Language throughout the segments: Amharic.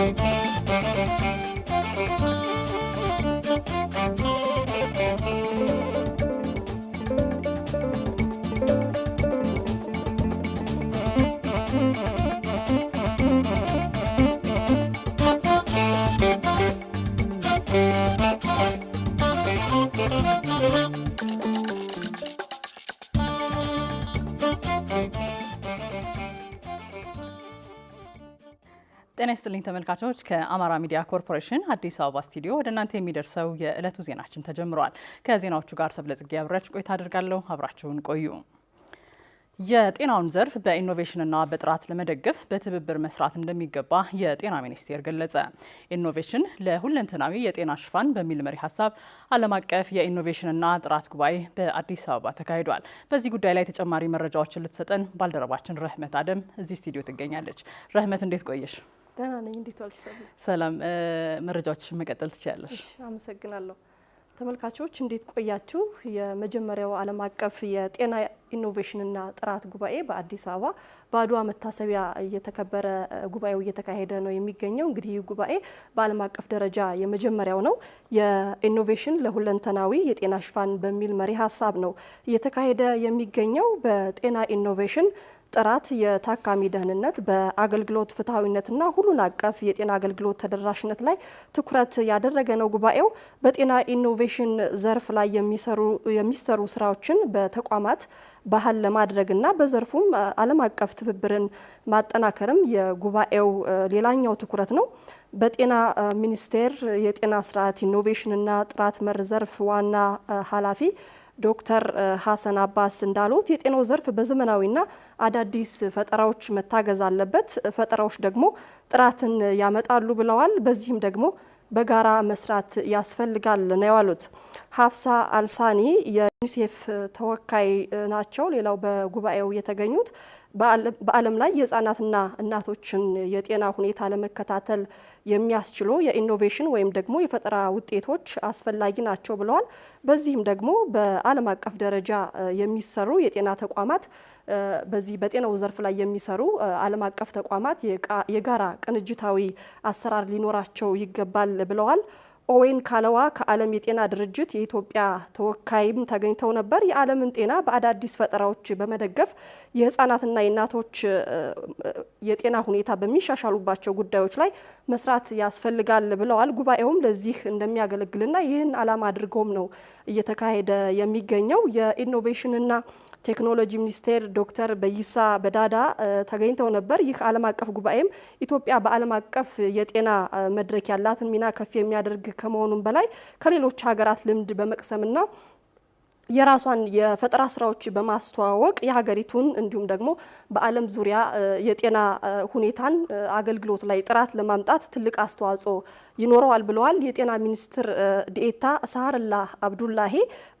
Thank you. ጤና ይስጥልኝ ተመልካቾች። ከአማራ ሚዲያ ኮርፖሬሽን አዲስ አበባ ስቱዲዮ ወደ እናንተ የሚደርሰው የዕለቱ ዜናችን ተጀምሯል። ከዜናዎቹ ጋር ሰብለጽጌ አብሬያችሁ ቆይታ አድርጋለሁ። አብራችሁን ቆዩ። የጤናውን ዘርፍ በኢኖቬሽንና በጥራት ለመደገፍ በትብብር መስራት እንደሚገባ የጤና ሚኒስቴር ገለጸ። ኢኖቬሽን ለሁለንተናዊ የጤና ሽፋን በሚል መሪ ሀሳብ ዓለም አቀፍ የኢኖቬሽንና ጥራት ጉባኤ በአዲስ አበባ ተካሂዷል። በዚህ ጉዳይ ላይ ተጨማሪ መረጃዎችን ልትሰጠን ባልደረባችን ረህመት አደም እዚህ ስቱዲዮ ትገኛለች። ረህመት እንዴት ቆየሽ? ደህና ነኝ። እንዴት ዋልሽ? ሰላም። መረጃዎችን መቀጠል ትችላለሽ። አመሰግናለሁ። ተመልካቾች እንዴት ቆያችሁ? የመጀመሪያው ዓለም አቀፍ የጤና ኢኖቬሽንና ጥራት ጉባኤ በአዲስ አበባ በአድዋ መታሰቢያ እየተከበረ ጉባኤው እየተካሄደ ነው የሚገኘው። እንግዲህ ይህ ጉባኤ በዓለም አቀፍ ደረጃ የመጀመሪያው ነው። የኢኖቬሽን ለሁለንተናዊ የጤና ሽፋን በሚል መሪ ሀሳብ ነው እየተካሄደ የሚገኘው። በጤና ኢኖቬሽን ጥራት፣ የታካሚ ደህንነት፣ በአገልግሎት ፍትሐዊነትና ሁሉን አቀፍ የጤና አገልግሎት ተደራሽነት ላይ ትኩረት ያደረገ ነው። ጉባኤው በጤና ኢኖቬሽን ዘርፍ ላይ የሚሰሩ ስራዎችን በተቋማት ባህል ለማድረግና በዘርፉም ዓለም አቀፍ ትብብርን ማጠናከርም የጉባኤው ሌላኛው ትኩረት ነው። በጤና ሚኒስቴር የጤና ስርዓት ኢኖቬሽንና ጥራት መር ዘርፍ ዋና ኃላፊ ዶክተር ሀሰን አባስ እንዳሉት የጤናው ዘርፍ በዘመናዊና አዳዲስ ፈጠራዎች መታገዝ አለበት። ፈጠራዎች ደግሞ ጥራትን ያመጣሉ ብለዋል። በዚህም ደግሞ በጋራ መስራት ያስፈልጋል ነው ያሉት። ሀፍሳ አልሳኒ ዩኒሴፍ ተወካይ ናቸው። ሌላው በጉባኤው የተገኙት በዓለም ላይ የህፃናትና እናቶችን የጤና ሁኔታ ለመከታተል የሚያስችሉ የኢኖቬሽን ወይም ደግሞ የፈጠራ ውጤቶች አስፈላጊ ናቸው ብለዋል። በዚህም ደግሞ በዓለም አቀፍ ደረጃ የሚሰሩ የጤና ተቋማት በዚህ በጤናው ዘርፍ ላይ የሚሰሩ ዓለም አቀፍ ተቋማት የጋራ ቅንጅታዊ አሰራር ሊኖራቸው ይገባል ብለዋል። ኦዌን ካለዋ ከዓለም የጤና ድርጅት የኢትዮጵያ ተወካይም ተገኝተው ነበር። የዓለምን ጤና በአዳዲስ ፈጠራዎች በመደገፍ የህፃናትና የእናቶች የጤና ሁኔታ በሚሻሻሉባቸው ጉዳዮች ላይ መስራት ያስፈልጋል ብለዋል። ጉባኤውም ለዚህ እንደሚያገለግልና ይህን ዓላማ አድርገውም ነው እየተካሄደ የሚገኘው የኢኖቬሽንና ቴክኖሎጂ ሚኒስቴር ዶክተር በይሳ በዳዳ ተገኝተው ነበር። ይህ ዓለም አቀፍ ጉባኤም ኢትዮጵያ በዓለም አቀፍ የጤና መድረክ ያላትን ሚና ከፍ የሚያደርግ ከመሆኑም በላይ ከሌሎች ሀገራት ልምድ በመቅሰምና የራሷን የፈጠራ ስራዎች በማስተዋወቅ የሀገሪቱን እንዲሁም ደግሞ በዓለም ዙሪያ የጤና ሁኔታን አገልግሎት ላይ ጥራት ለማምጣት ትልቅ አስተዋጽኦ ይኖረዋል ብለዋል። የጤና ሚኒስትር ዴኤታ ሳህርላ አብዱላሂ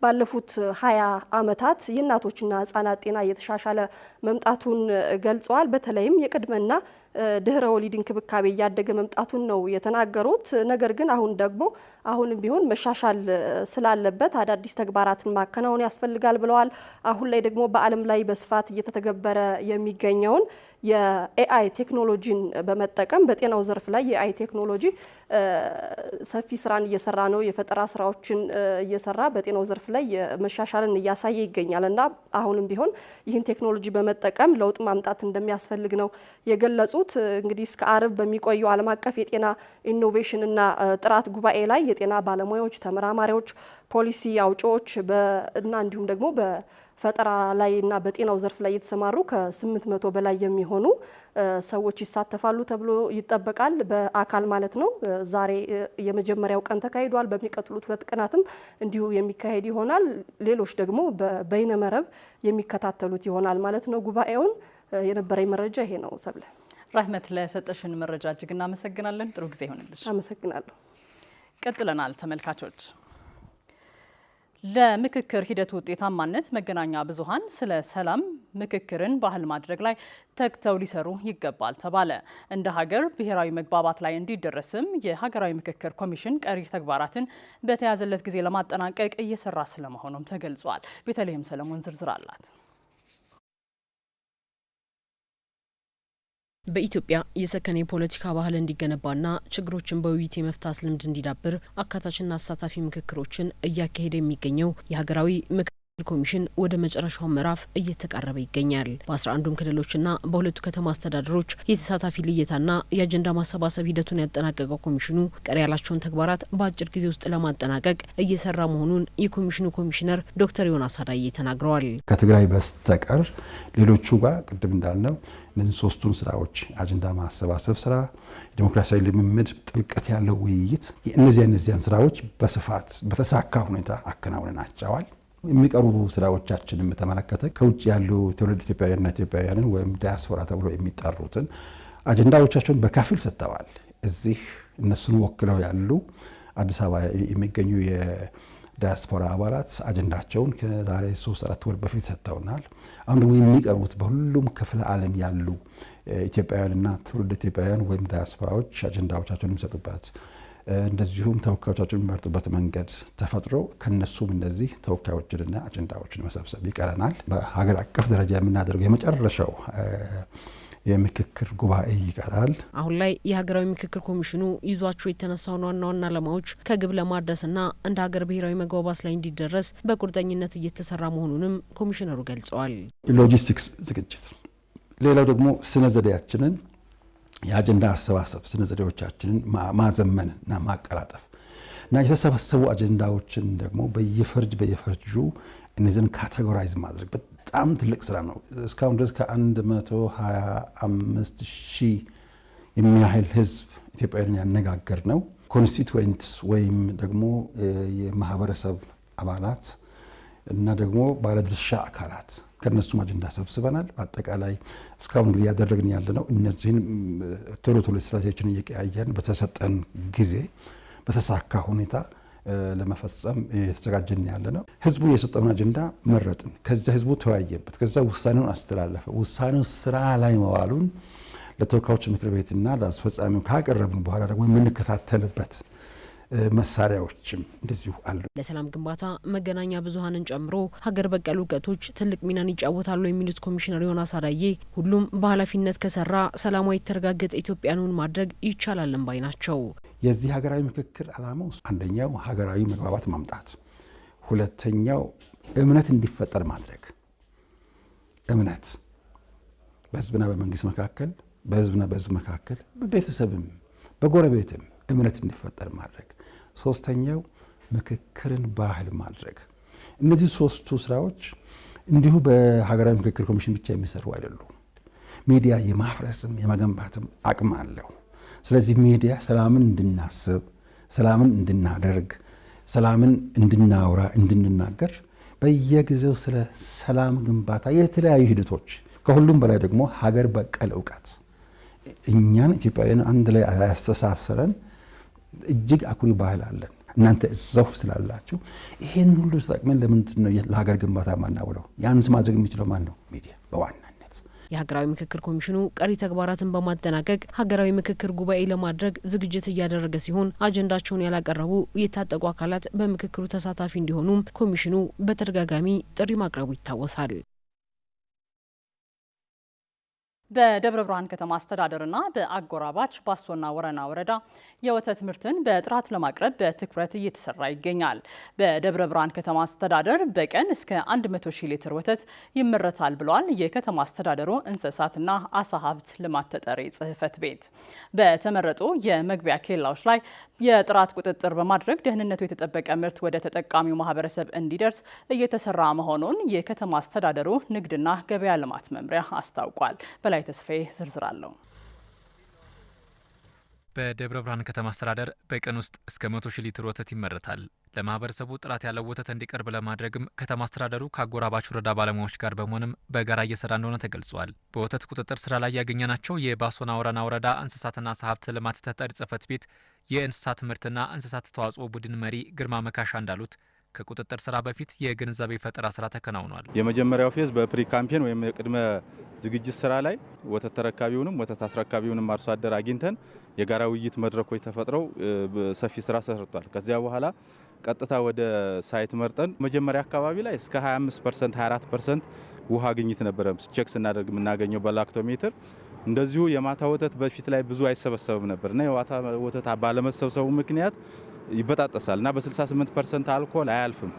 ባለፉት ሀያ አመታት የእናቶችና ህጻናት ጤና እየተሻሻለ መምጣቱን ገልጸዋል። በተለይም የቅድመና ድህረ ወሊድ እንክብካቤ እያደገ መምጣቱን ነው የተናገሩት። ነገር ግን አሁን ደግሞ አሁንም ቢሆን መሻሻል ስላለበት አዳዲስ ተግባራትን ማከናወን ያስፈልጋል ብለዋል። አሁን ላይ ደግሞ በዓለም ላይ በስፋት እየተተገበረ የሚገኘውን የኤአይ ቴክኖሎጂን በመጠቀም በጤናው ዘርፍ ላይ የኤአይ ቴክኖሎጂ ሰፊ ስራን እየሰራ ነው። የፈጠራ ስራዎችን እየሰራ በጤናው ዘርፍ ላይ መሻሻልን እያሳየ ይገኛል እና አሁንም ቢሆን ይህን ቴክኖሎጂ በመጠቀም ለውጥ ማምጣት እንደሚያስፈልግ ነው የገለጹት። እንግዲህ እስከ አርብ በሚቆየው ዓለም አቀፍ የጤና ኢኖቬሽን ና ጥራት ጉባኤ ላይ የጤና ባለሙያዎች፣ ተመራማሪዎች ፖሊሲ አውጪዎች እና እንዲሁም ደግሞ በፈጠራ ላይ እና በጤናው ዘርፍ ላይ የተሰማሩ ከስምንት መቶ በላይ የሚሆኑ ሰዎች ይሳተፋሉ ተብሎ ይጠበቃል። በአካል ማለት ነው። ዛሬ የመጀመሪያው ቀን ተካሂዷል። በሚቀጥሉት ሁለት ቀናትም እንዲሁ የሚካሄድ ይሆናል። ሌሎች ደግሞ በይነመረብ የሚከታተሉት ይሆናል ማለት ነው ጉባኤውን። የነበረኝ መረጃ ይሄ ነው። ሰብለ ራህመት፣ ለሰጠሽን መረጃ እጅግ እናመሰግናለን። ጥሩ ጊዜ ይሆንልሽ። አመሰግናለሁ። ቀጥለናል ተመልካቾች። ለምክክር ሂደት ውጤታማነት መገናኛ ብዙኃን ስለ ሰላም ምክክርን ባህል ማድረግ ላይ ተግተው ሊሰሩ ይገባል ተባለ። እንደ ሀገር ብሔራዊ መግባባት ላይ እንዲደረስም የሀገራዊ ምክክር ኮሚሽን ቀሪ ተግባራትን በተያዘለት ጊዜ ለማጠናቀቅ እየሰራ ስለመሆኑም ተገልጿል። ቤተልሔም ሰለሞን ዝርዝር አላት። በኢትዮጵያ የሰከነ የፖለቲካ ባህል እንዲገነባና ችግሮችን በውይይት የመፍታት ልምድ እንዲዳብር አካታችና አሳታፊ ምክክሮችን እያካሄደ የሚገኘው የሀገራዊ ምክ ኮሚሽን ወደ መጨረሻው ምዕራፍ እየተቃረበ ይገኛል። በ11ዱም ክልሎችና በሁለቱ ከተማ አስተዳደሮች የተሳታፊ ልየታና የአጀንዳ ማሰባሰብ ሂደቱን ያጠናቀቀው ኮሚሽኑ ቀሪ ያላቸውን ተግባራት በአጭር ጊዜ ውስጥ ለማጠናቀቅ እየሰራ መሆኑን የኮሚሽኑ ኮሚሽነር ዶክተር ዮናስ አዳዬ ተናግረዋል። ከትግራይ በስተቀር ሌሎቹ ጋር ቅድም እንዳልነው እነዚህ ሶስቱን ስራዎች አጀንዳ ማሰባሰብ ስራ፣ ዲሞክራሲያዊ ልምምድ፣ ጥልቀት ያለው ውይይት፣ እነዚያ እነዚያን ስራዎች በስፋት በተሳካ ሁኔታ አከናውነናቸዋል። የሚቀርቡ ስራዎቻችንን በተመለከተ ከውጭ ያሉ ትውልድ ኢትዮጵያውያንና ኢትዮጵያውያንን ወይም ዲያስፖራ ተብሎ የሚጠሩትን አጀንዳዎቻቸውን በከፊል ሰጥተዋል። እዚህ እነሱን ወክለው ያሉ አዲስ አበባ የሚገኙ የዲያስፖራ አባላት አጀንዳቸውን ከዛሬ ሶስት አራት ወር በፊት ሰጥተውናል። አሁን ደግሞ የሚቀርቡት በሁሉም ክፍለ ዓለም ያሉ ኢትዮጵያውያንና ትውልድ ኢትዮጵያውያን ወይም ዲያስፖራዎች አጀንዳዎቻቸውን የሚሰጡበት እንደዚሁም ተወካዮቻችን የሚመርጡበት መንገድ ተፈጥሮ ከነሱም እነዚህ ተወካዮችንና አጀንዳዎችን መሰብሰብ ይቀረናል። በሀገር አቀፍ ደረጃ የምናደርገው የመጨረሻው የምክክር ጉባኤ ይቀራል። አሁን ላይ የሀገራዊ ምክክር ኮሚሽኑ ይዟቸው የተነሳውን ዋና ዋና ዓላማዎች ከግብ ለማድረስና እንደ ሀገር ብሔራዊ መግባባት ላይ እንዲደረስ በቁርጠኝነት እየተሰራ መሆኑንም ኮሚሽነሩ ገልጸዋል። ሎጂስቲክስ ዝግጅት፣ ሌላው ደግሞ ስነ ዘዴያችንን የአጀንዳ አሰባሰብ ስነ ዘዴዎቻችንን ማዘመን እና ማቀላጠፍ እና የተሰበሰቡ አጀንዳዎችን ደግሞ በየፈርጅ በየፈርጁ እነዚህን ካቴጎራይዝ ማድረግ በጣም ትልቅ ስራ ነው። እስካሁን ድረስ ከ125 ሺህ የሚያህል ህዝብ ኢትዮጵያን ያነጋገር ነው። ኮንስቲትዌንትስ ወይም ደግሞ የማህበረሰብ አባላት እና ደግሞ ባለድርሻ አካላት ከነሱም አጀንዳ ሰብስበናል። በአጠቃላይ እስካሁን እያደረግን ያለ ነው። እነዚህን ቶሎ ቶሎ ስትራቴጂዎችን እየቀያየን በተሰጠን ጊዜ በተሳካ ሁኔታ ለመፈጸም የተዘጋጀን ያለ ነው። ህዝቡ የሰጠውን አጀንዳ መረጥን። ከዚያ ህዝቡ ተወያየበት። ከዛ ውሳኔውን አስተላለፈ። ውሳኔው ስራ ላይ መዋሉን ለተወካዮች ምክር ቤትና ለአስፈጻሚው ካቀረብን በኋላ ደግሞ የምንከታተልበት መሳሪያዎችም እንደዚሁ አሉ። ለሰላም ግንባታ መገናኛ ብዙኃንን ጨምሮ ሀገር በቀል እውቀቶች ትልቅ ሚናን ይጫወታሉ የሚሉት ኮሚሽነር ዮናስ አዳዬ ሁሉም በኃላፊነት ከሰራ ሰላማዊ የተረጋገጠ ኢትዮጵያኑን ማድረግ ይቻላልን ባይ ናቸው። የዚህ ሀገራዊ ምክክር ዓላማው አንደኛው ሀገራዊ መግባባት ማምጣት፣ ሁለተኛው እምነት እንዲፈጠር ማድረግ እምነት በህዝብና በመንግስት መካከል፣ በህዝብና በህዝብ መካከል፣ በቤተሰብም በጎረቤትም እምነት እንዲፈጠር ማድረግ ሶስተኛው ምክክርን ባህል ማድረግ። እነዚህ ሶስቱ ስራዎች እንዲሁ በሀገራዊ ምክክር ኮሚሽን ብቻ የሚሰሩ አይደሉም። ሚዲያ የማፍረስም የመገንባትም አቅም አለው። ስለዚህ ሚዲያ ሰላምን እንድናስብ፣ ሰላምን እንድናደርግ፣ ሰላምን እንድናውራ እንድንናገር በየጊዜው ስለ ሰላም ግንባታ የተለያዩ ሂደቶች ከሁሉም በላይ ደግሞ ሀገር በቀል እውቀት እኛን ኢትዮጵያውያን አንድ ላይ ያስተሳሰረን እጅግ አኩሪ ባህል አለን። እናንተ እዛው ስላላችሁ ይሄን ሁሉ ተጠቅመን ለምንድን ነው ለሀገር ግንባታ ማናውለው? ያንስ ማድረግ የሚችለው ማን ነው? ሚዲያ በዋናነት። የሀገራዊ ምክክር ኮሚሽኑ ቀሪ ተግባራትን በማጠናቀቅ ሀገራዊ ምክክር ጉባኤ ለማድረግ ዝግጅት እያደረገ ሲሆን አጀንዳቸውን ያላቀረቡ የታጠቁ አካላት በምክክሩ ተሳታፊ እንዲሆኑም ኮሚሽኑ በተደጋጋሚ ጥሪ ማቅረቡ ይታወሳል። በደብረ ብርሃን ከተማ አስተዳደርና በአጎራባች ባሶና ወረና ወረዳ የወተት ምርትን በጥራት ለማቅረብ በትኩረት እየተሰራ ይገኛል። በደብረ ብርሃን ከተማ አስተዳደር በቀን እስከ 100 ሺህ ሊትር ወተት ይመረታል ብሏል የከተማ አስተዳደሩ እንስሳትና አሳ ሀብት ልማት ተጠሪ ጽህፈት ቤት። በተመረጡ የመግቢያ ኬላዎች ላይ የጥራት ቁጥጥር በማድረግ ደህንነቱ የተጠበቀ ምርት ወደ ተጠቃሚው ማህበረሰብ እንዲደርስ እየተሰራ መሆኑን የከተማ አስተዳደሩ ንግድና ገበያ ልማት መምሪያ አስታውቋል። ጸጋይ ተስፋዬ ዝርዝር አለው። በደብረ ብርሃን ከተማ አስተዳደር በቀን ውስጥ እስከ መቶ ሺህ ሊትር ወተት ይመረታል። ለማህበረሰቡ ጥራት ያለው ወተት እንዲቀርብ ለማድረግም ከተማ አስተዳደሩ ከአጎራባች ወረዳ ባለሙያዎች ጋር በመሆንም በጋራ እየሰራ እንደሆነ ተገልጿል። በወተት ቁጥጥር ስራ ላይ ያገኘናቸው የባሶና ወረና ወረዳ እንስሳትና ዓሳ ሀብት ልማት ተጠሪ ጽሕፈት ቤት የእንስሳት ምርትና እንስሳት ተዋጽኦ ቡድን መሪ ግርማ መካሻ እንዳሉት ከቁጥጥር ስራ በፊት የግንዛቤ ፈጠራ ስራ ተከናውኗል። የመጀመሪያው ፌዝ በፕሪ ካምፔን ወይም የቅድመ ዝግጅት ስራ ላይ ወተት ተረካቢውንም ወተት አስረካቢውንም አርሶ አደር አግኝተን የጋራ ውይይት መድረኮች ተፈጥረው ሰፊ ስራ ተሰርቷል። ከዚያ በኋላ ቀጥታ ወደ ሳይት መርጠን መጀመሪያ አካባቢ ላይ እስከ 25 ፐርሰንት 24 ፐርሰንት ውሃ ግኝት ነበረ። ቼክ ስናደርግ የምናገኘው በላክቶሜትር እንደዚሁ የማታ ወተት በፊት ላይ ብዙ አይሰበሰብም ነበር እና የማታ ወተት ባለመሰብሰቡ ምክንያት ይበጣጠሳል እና በ68 ፐርሰንት አልኮል አያልፍም።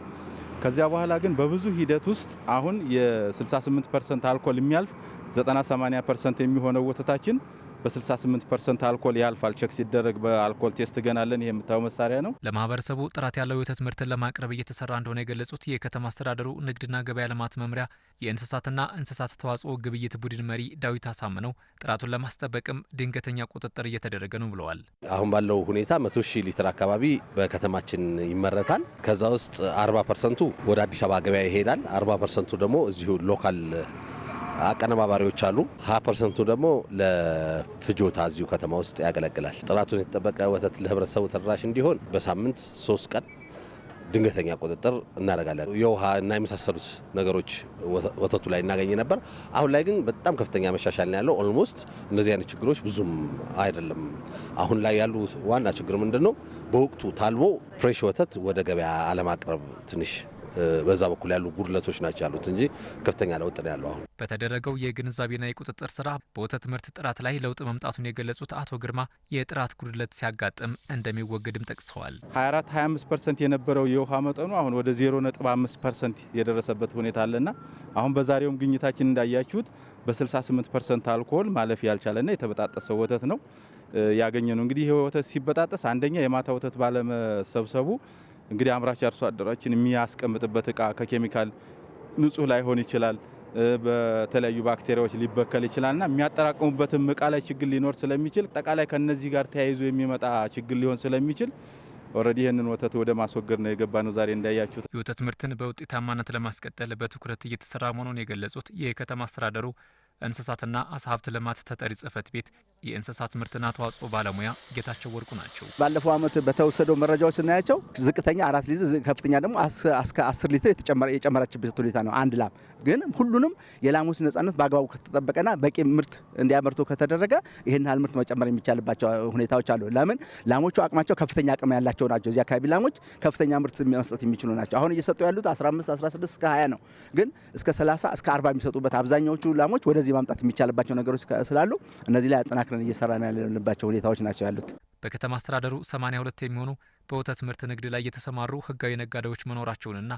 ከዚያ በኋላ ግን በብዙ ሂደት ውስጥ አሁን የ68 ፐርሰንት አልኮል የሚያልፍ 98 ፐርሰንት የሚሆነው ወተታችን በ68 ፐርሰንት አልኮል ያልፋል። ቸክ ሲደረግ በአልኮል ቴስት ገናለን። ይህ የምታየው መሳሪያ ነው። ለማህበረሰቡ ጥራት ያለው የወተት ምርትን ለማቅረብ እየተሰራ እንደሆነ የገለጹት የከተማ አስተዳደሩ ንግድና ገበያ ልማት መምሪያ የእንስሳትና እንስሳት ተዋጽኦ ግብይት ቡድን መሪ ዳዊት አሳምነው ጥራቱን ለማስጠበቅም ድንገተኛ ቁጥጥር እየተደረገ ነው ብለዋል። አሁን ባለው ሁኔታ መቶ ሺህ ሊትር አካባቢ በከተማችን ይመረታል። ከዛ ውስጥ 40 ፐርሰንቱ ወደ አዲስ አበባ ገበያ ይሄዳል። 40 ፐርሰንቱ ደግሞ እዚሁ ሎካል አቀነባባሪዎች አሉ። ሀ ፐርሰንቱ ደግሞ ለፍጆታ እዚሁ ከተማ ውስጥ ያገለግላል። ጥራቱን የተጠበቀ ወተት ለህብረተሰቡ ተደራሽ እንዲሆን በሳምንት ሶስት ቀን ድንገተኛ ቁጥጥር እናደርጋለን። የውሃ እና የመሳሰሉት ነገሮች ወተቱ ላይ እናገኝ ነበር። አሁን ላይ ግን በጣም ከፍተኛ መሻሻል ነው ያለው። ኦልሞስት እነዚህ አይነት ችግሮች ብዙም አይደለም። አሁን ላይ ያሉ ዋና ችግር ምንድን ነው? በወቅቱ ታልቦ ፍሬሽ ወተት ወደ ገበያ አለማቅረብ ትንሽ በዛ በኩል ያሉ ጉድለቶች ናቸው ያሉት እንጂ ከፍተኛ ለውጥ ነው ያለው። አሁን በተደረገው የግንዛቤና የቁጥጥር ስራ በወተት ምርት ጥራት ላይ ለውጥ መምጣቱን የገለጹት አቶ ግርማ የጥራት ጉድለት ሲያጋጥም እንደሚወገድም ጠቅሰዋል። 24 25 ፐርሰንት የነበረው የውሃ መጠኑ አሁን ወደ 0.5 ፐርሰንት የደረሰበት ሁኔታ አለና አሁን በዛሬውም ግኝታችን እንዳያችሁት በ68 ፐርሰንት አልኮል ማለፍ ያልቻለና የተበጣጠሰው ወተት ነው ያገኘ ነው። እንግዲህ ይህ ወተት ሲበጣጠስ አንደኛ የማታ ወተት ባለመሰብሰቡ እንግዲህ አምራች አርሶ አደራችን የሚያስቀምጥበት እቃ ከኬሚካል ንጹህ ላይሆን ይችላል። በተለያዩ ባክቴሪያዎች ሊበከል ይችላል እና የሚያጠራቅሙበትም እቃ ላይ ችግር ሊኖር ስለሚችል አጠቃላይ ከነዚህ ጋር ተያይዞ የሚመጣ ችግር ሊሆን ስለሚችል ኦልሬዲ ይህንን ወተት ወደ ማስወገድ ነው የገባ ነው። ዛሬ እንዳያችሁት የወተት ምርትን በውጤታማነት ለማስቀጠል በትኩረት እየተሰራ መሆኑን የገለጹት የከተማ አስተዳደሩ እንስሳትና አሳ ሀብት ልማት ተጠሪ ጽህፈት ቤት የእንስሳት ምርትና ተዋጽኦ ባለሙያ ጌታቸው ወርቁ ናቸው። ባለፈው ዓመት በተወሰደው መረጃዎች ስናያቸው ዝቅተኛ አራት ሊትር ከፍተኛ ደግሞ እስከ አስር ሊትር የጨመረችበት ሁኔታ ነው። አንድ ላም ግን ሁሉንም የላሞች ነጻነት በአግባቡ ከተጠበቀና በቂ ምርት እንዲያመርቱ ከተደረገ ይህን ያህል ምርት መጨመር የሚቻልባቸው ሁኔታዎች አሉ። ለምን ላሞቹ አቅማቸው ከፍተኛ አቅም ያላቸው ናቸው። እዚህ አካባቢ ላሞች ከፍተኛ ምርት መስጠት የሚችሉ ናቸው። አሁን እየሰጡ ያሉት 15፣ 16 እስከ 20 ነው። ግን እስከ 30 እስከ 40 የሚሰጡበት አብዛኛዎቹ ላሞች ወደ ወደዚህ ማምጣት የሚቻልባቸው ነገሮች ስላሉ እነዚህ ላይ አጠናክረን እየሰራን ያለንባቸው ሁኔታዎች ናቸው ያሉት። በከተማ አስተዳደሩ 82 የሚሆኑ በወተት ምርት ንግድ ላይ የተሰማሩ ህጋዊ ነጋዴዎች መኖራቸውንና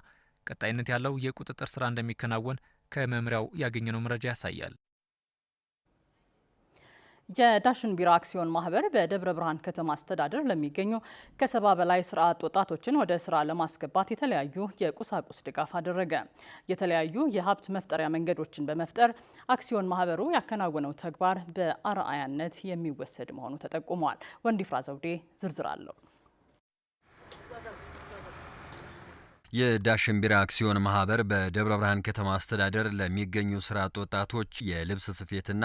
ቀጣይነት ያለው የቁጥጥር ስራ እንደሚከናወን ከመምሪያው ያገኘነው መረጃ ያሳያል። የዳሽን ቢራ አክሲዮን ማህበር በደብረ ብርሃን ከተማ አስተዳደር ለሚገኙ ከሰባ በላይ ስራ አጥ ወጣቶችን ወደ ስራ ለማስገባት የተለያዩ የቁሳቁስ ድጋፍ አደረገ። የተለያዩ የሀብት መፍጠሪያ መንገዶችን በመፍጠር አክሲዮን ማህበሩ ያከናወነው ተግባር በአርአያነት የሚወሰድ መሆኑ ተጠቁሟል። ወንዲፍራ ዘውዴ ዝርዝር አለው። የዳሽን ቢራ አክሲዮን ማህበር በደብረ ብርሃን ከተማ አስተዳደር ለሚገኙ ስራ አጥ ወጣቶች የልብስ ስፌትና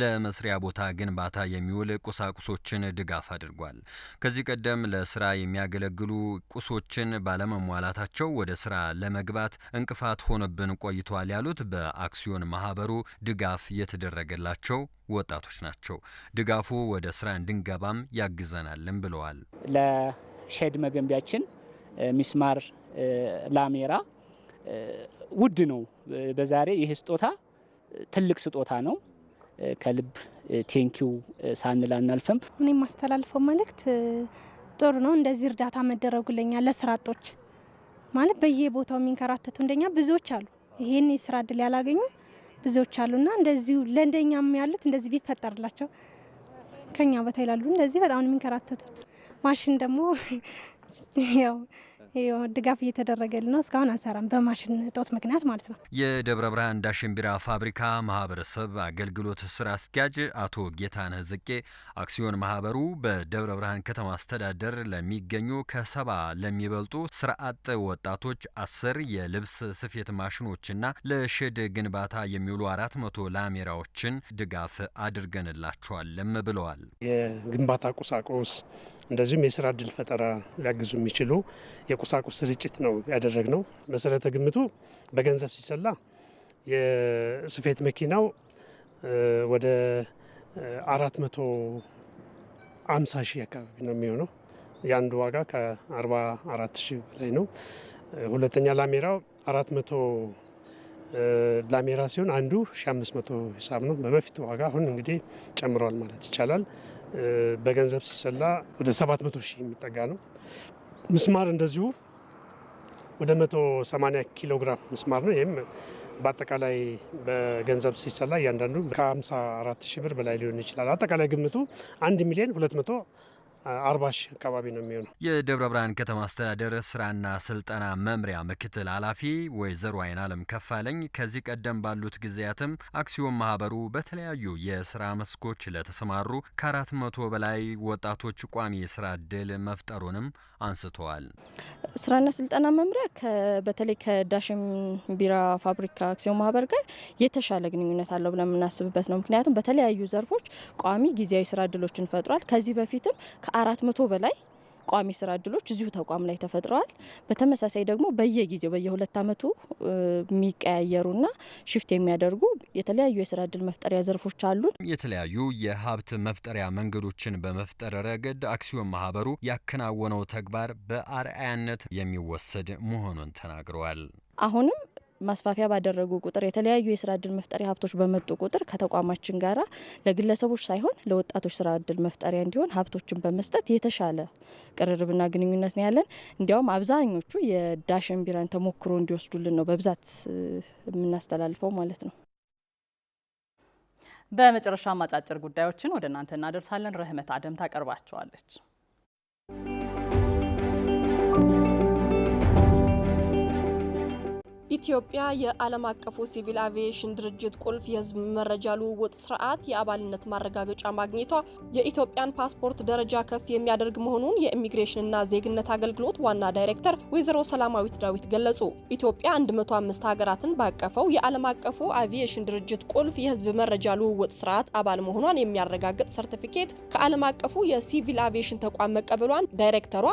ለመስሪያ ቦታ ግንባታ የሚውል ቁሳቁሶችን ድጋፍ አድርጓል። ከዚህ ቀደም ለስራ የሚያገለግሉ ቁሶችን ባለመሟላታቸው ወደ ስራ ለመግባት እንቅፋት ሆነብን ቆይቷል ያሉት በአክሲዮን ማህበሩ ድጋፍ የተደረገላቸው ወጣቶች ናቸው። ድጋፉ ወደ ስራ እንድንገባም ያግዘናልን ብለዋል። ለሼድ መገንቢያችን ሚስማር ላሜራ ውድ ነው። በዛሬ ይህ ስጦታ ትልቅ ስጦታ ነው። ከልብ ቴንኪው ሳንል አናልፈም። እኔ የማስተላልፈው መልእክት ጥሩ ነው እንደዚህ እርዳታ መደረጉ ለኛ ለስራጦች ማለት በየቦታው የሚንከራተቱ እንደኛ ብዙዎች አሉ። ይሄን የስራ እድል ያላገኙ ብዙዎች አሉና እንደዚሁ ለእንደኛም ያሉት እንደዚህ ቢፈጠርላቸው ከኛ ቦታ ይላሉ እንደዚህ በጣም የሚንከራተቱት ማሽን ደግሞ ያው ድጋፍ እየተደረገልን ነው። እስካሁን አንሰራም በማሽን እጦት ምክንያት ማለት ነው። የደብረ ብርሃን ዳሽን ቢራ ፋብሪካ ማህበረሰብ አገልግሎት ስራ አስኪያጅ አቶ ጌታነህ ዝቄ አክሲዮን ማህበሩ በደብረ ብርሃን ከተማ አስተዳደር ለሚገኙ ከሰባ ለሚበልጡ ስራ አጥ ወጣቶች አስር የልብስ ስፌት ማሽኖችና ለሽድ ግንባታ የሚውሉ አራት መቶ ላሜራዎችን ድጋፍ አድርገንላቸዋልም ብለዋል። የግንባታ ቁሳቁስ እንደዚሁም የስራ እድል ፈጠራ ሊያግዙ የሚችሉ የቁሳቁስ ስርጭት ነው ያደረግነው። መሰረተ ግምቱ በገንዘብ ሲሰላ የስፌት መኪናው ወደ አራት መቶ አምሳ ሺህ አካባቢ ነው የሚሆነው። የአንዱ ዋጋ ከአርባ አራት ሺህ በላይ ነው። ሁለተኛ ላሜራው አራት መቶ ላሜራ ሲሆን አንዱ ሺ አምስት መቶ ሂሳብ ነው በበፊቱ ዋጋ። አሁን እንግዲህ ጨምሯል ማለት ይቻላል። በገንዘብ ሲሰላ ወደ ሰባት መቶ ሺህ የሚጠጋ ነው። ምስማር እንደዚሁ ወደ 180 ኪሎ ግራም ምስማር ነው። ይህም በአጠቃላይ በገንዘብ ሲሰላ እያንዳንዱ ከ54 ሺህ ብር በላይ ሊሆን ይችላል። አጠቃላይ ግምቱ 1 ሚሊዮን 200 አርባ ሺህ አካባቢ ነው የሚሆነው። የደብረ ብርሃን ከተማ አስተዳደር ስራና ስልጠና መምሪያ ምክትል ኃላፊ ወይዘሮ አይን አለም ከፋለኝ ከዚህ ቀደም ባሉት ጊዜያትም አክሲዮን ማህበሩ በተለያዩ የስራ መስኮች ለተሰማሩ ከአራት መቶ በላይ ወጣቶች ቋሚ የስራ እድል መፍጠሩንም አንስተዋል። ስራና ስልጠና መምሪያ በተለይ ከዳሽን ቢራ ፋብሪካ አክሲዮን ማህበር ጋር የተሻለ ግንኙነት አለው ብለን የምናስብበት ነው። ምክንያቱም በተለያዩ ዘርፎች ቋሚ ጊዜያዊ ስራ እድሎችን ፈጥሯል። ከዚህ በፊትም ከአራት መቶ በላይ ቋሚ ስራ እድሎች እዚሁ ተቋም ላይ ተፈጥረዋል። በተመሳሳይ ደግሞ በየጊዜው በየሁለት አመቱ የሚቀያየሩና ሽፍት የሚያደርጉ የተለያዩ የስራ እድል መፍጠሪያ ዘርፎች አሉን። የተለያዩ የሀብት መፍጠሪያ መንገዶችን በመፍጠር ረገድ አክሲዮን ማህበሩ ያከናወነው ተግባር በአርአያነት የሚወሰድ መሆኑን ተናግረዋል። አሁንም ማስፋፊያ ባደረጉ ቁጥር የተለያዩ የስራ እድል መፍጠሪያ ሀብቶች በመጡ ቁጥር ከተቋማችን ጋራ ለግለሰቦች ሳይሆን ለወጣቶች ስራ እድል መፍጠሪያ እንዲሆን ሀብቶችን በመስጠት የተሻለ ቅርርብና ግንኙነት ነው ያለን። እንዲያውም አብዛኞቹ የዳሽን ቢራን ተሞክሮ እንዲወስዱልን ነው በብዛት የምናስተላልፈው ማለት ነው። በመጨረሻ አጫጭር ጉዳዮችን ወደ እናንተ እናደርሳለን። ረህመት አደም ታቀርባቸዋለች። ኢትዮጵያ የዓለም አቀፉ ሲቪል አቪዬሽን ድርጅት ቁልፍ የህዝብ መረጃ ልውውጥ ስርዓት የአባልነት ማረጋገጫ ማግኘቷ የኢትዮጵያን ፓስፖርት ደረጃ ከፍ የሚያደርግ መሆኑን የኢሚግሬሽንና ዜግነት አገልግሎት ዋና ዳይሬክተር ወይዘሮ ሰላማዊት ዳዊት ገለጹ። ኢትዮጵያ 105 ሀገራትን ባቀፈው የዓለም አቀፉ አቪዬሽን ድርጅት ቁልፍ የህዝብ መረጃ ልውውጥ ስርዓት አባል መሆኗን የሚያረጋግጥ ሰርቲፊኬት ከዓለም አቀፉ የሲቪል አቪዬሽን ተቋም መቀበሏን ዳይሬክተሯ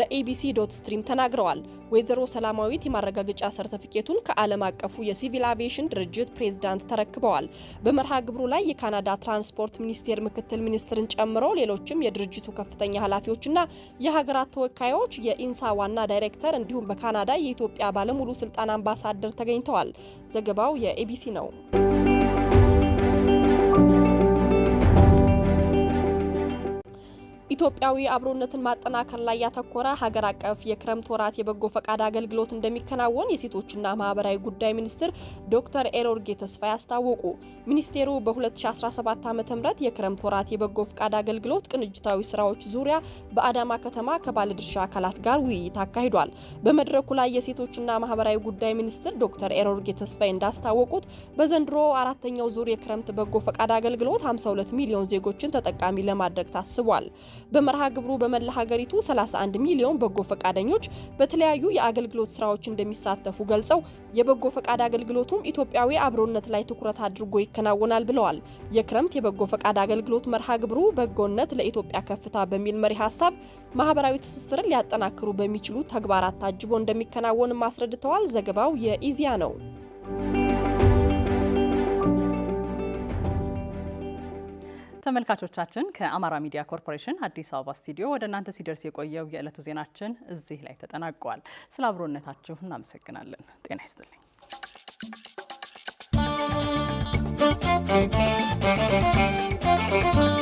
ለኤቢሲ ዶት ስትሪም ተናግረዋል። ወይዘሮ ሰላማዊት የማረጋገጫ ሰርቲፊኬቱን ኃላፊነቱን ከዓለም አቀፉ የሲቪል አቪዬሽን ድርጅት ፕሬዝዳንት ተረክበዋል። በመርሃ ግብሩ ላይ የካናዳ ትራንስፖርት ሚኒስቴር ምክትል ሚኒስትርን ጨምሮ ሌሎችም የድርጅቱ ከፍተኛ ኃላፊዎችና የሀገራት ተወካዮች፣ የኢንሳ ዋና ዳይሬክተር እንዲሁም በካናዳ የኢትዮጵያ ባለሙሉ ስልጣን አምባሳደር ተገኝተዋል። ዘገባው የኤቢሲ ነው። ኢትዮጵያዊ አብሮነትን ማጠናከር ላይ ያተኮረ ሀገር አቀፍ የክረምት ወራት የበጎ ፈቃድ አገልግሎት እንደሚከናወን የሴቶችና ማህበራዊ ጉዳይ ሚኒስትር ዶክተር ኤሮርጌ ተስፋ ያስታወቁ። ሚኒስቴሩ በ2017 ዓ ም የክረምት ወራት የበጎ ፈቃድ አገልግሎት ቅንጅታዊ ስራዎች ዙሪያ በአዳማ ከተማ ከባለድርሻ አካላት ጋር ውይይት አካሂዷል። በመድረኩ ላይ የሴቶችና ማህበራዊ ጉዳይ ሚኒስትር ዶክተር ኤሮርጌ ተስፋ እንዳስታወቁት በዘንድሮ አራተኛው ዙር የክረምት በጎ ፈቃድ አገልግሎት 52 ሚሊዮን ዜጎችን ተጠቃሚ ለማድረግ ታስቧል። በመርሃ ግብሩ በመላ ሀገሪቱ 31 ሚሊዮን በጎ ፈቃደኞች በተለያዩ የአገልግሎት ስራዎች እንደሚሳተፉ ገልጸው የበጎ ፈቃድ አገልግሎቱም ኢትዮጵያዊ አብሮነት ላይ ትኩረት አድርጎ ይከናወናል ብለዋል። የክረምት የበጎ ፈቃድ አገልግሎት መርሃ ግብሩ በጎነት ለኢትዮጵያ ከፍታ በሚል መሪ ሀሳብ ማህበራዊ ትስስርን ሊያጠናክሩ በሚችሉ ተግባራት ታጅቦ እንደሚከናወንም አስረድተዋል። ዘገባው የኢዚያ ነው። ተመልካቾቻችን ከአማራ ሚዲያ ኮርፖሬሽን አዲስ አበባ ስቱዲዮ ወደ እናንተ ሲደርስ የቆየው የዕለቱ ዜናችን እዚህ ላይ ተጠናቋል። ስለ አብሮነታችሁ እናመሰግናለን። ጤና ይስጥልኝ።